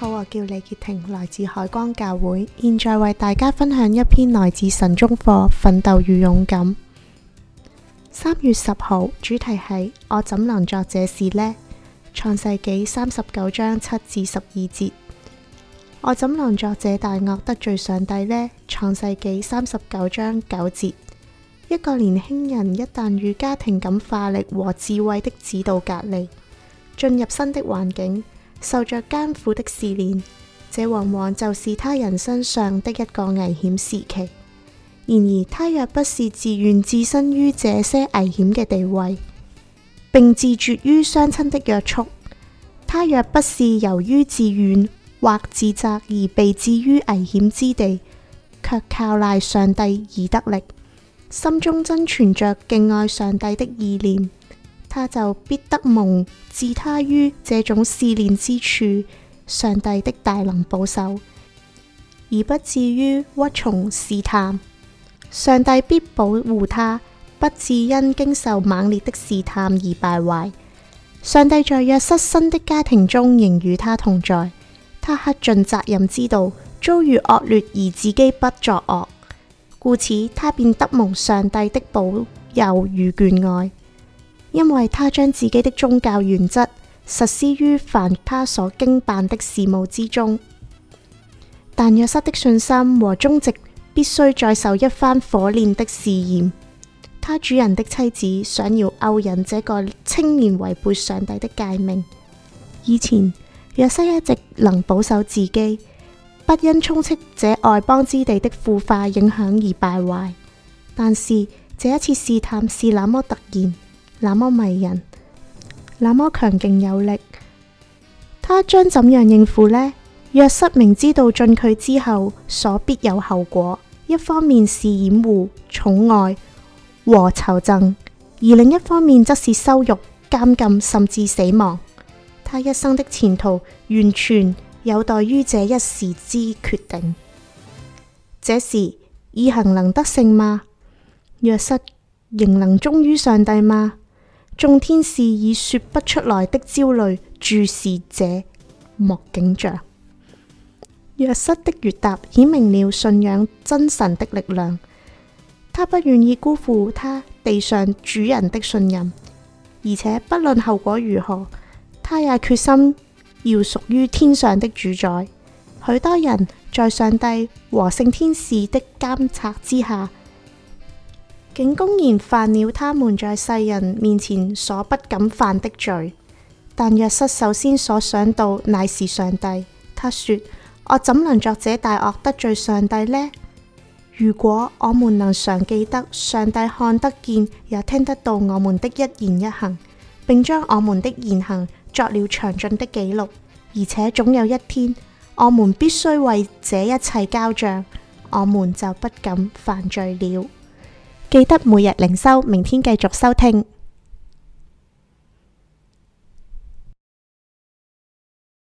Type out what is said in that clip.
好，我叫李潔婷，來自海光教會，現在為大家分享一篇來自神中課《奮鬥與勇敢》。三月十號，主題係我怎能作這事呢？創世記三十九章七至十二節。我怎能作這大惡得罪上帝呢？創世記三十九章九節。一個年輕人一旦與家庭感化力和智慧的指導隔離，進入新的環境。受着艱苦的試煉，這往往就是他人生上的一個危險時期。然而，他若不是自願置身於這些危險嘅地位，並自絕於雙親的約束；他若不是由於自願或自責而被置於危險之地，卻靠賴上帝而得力，心中真存着敬愛上帝的意念。他就必得蒙置他於這種試煉之處，上帝的大能保守，而不至於屈從試探。上帝必保護他，不致因經受猛烈的試探而敗壞。上帝在約瑟新的家庭中，仍與他同在。他克盡責任之道，遭遇惡劣而自己不作惡，故此他便得蒙上帝的保佑與眷愛。因為他將自己的宗教原則實施於凡他所經辦的事務之中，但若瑟的信心和忠直必須再受一番火煉的試驗。他主人的妻子想要勾引這個青年違背上帝的誡命。以前若瑟一直能保守自己，不因充斥這外邦之地的腐化影響而敗壞，但是這一次試探是那麼突然。那麼迷人，那麼強勁有力，他將怎樣應付呢？若瑟明知道進去之後所必有後果，一方面是掩護、寵愛和酬贈，而另一方面則是羞辱、監禁甚至死亡。他一生的前途完全有待於這一時之決定。這時以行能得勝嗎？若瑟仍能忠於上帝嗎？眾天使以說不出來的焦慮注視這幕景象。約瑟的悅答，顯明了信仰真神的力量。他不願意辜負他地上主人的信任，而且不論後果如何，他也決心要屬於天上的主宰。許多人在上帝和聖天使的監察之下。竟公然犯了他們在世人面前所不敢犯的罪，但約瑟首先所想到乃是上帝。他說：我怎能作這大惡得罪上帝呢？如果我們能常記得上帝看得見也聽得到我們的一言一行，並將我們的言行作了詳盡的記錄，而且總有一天我們必須為這一切交賬，我們就不敢犯罪了。記得每日靈修，明天繼續收聽。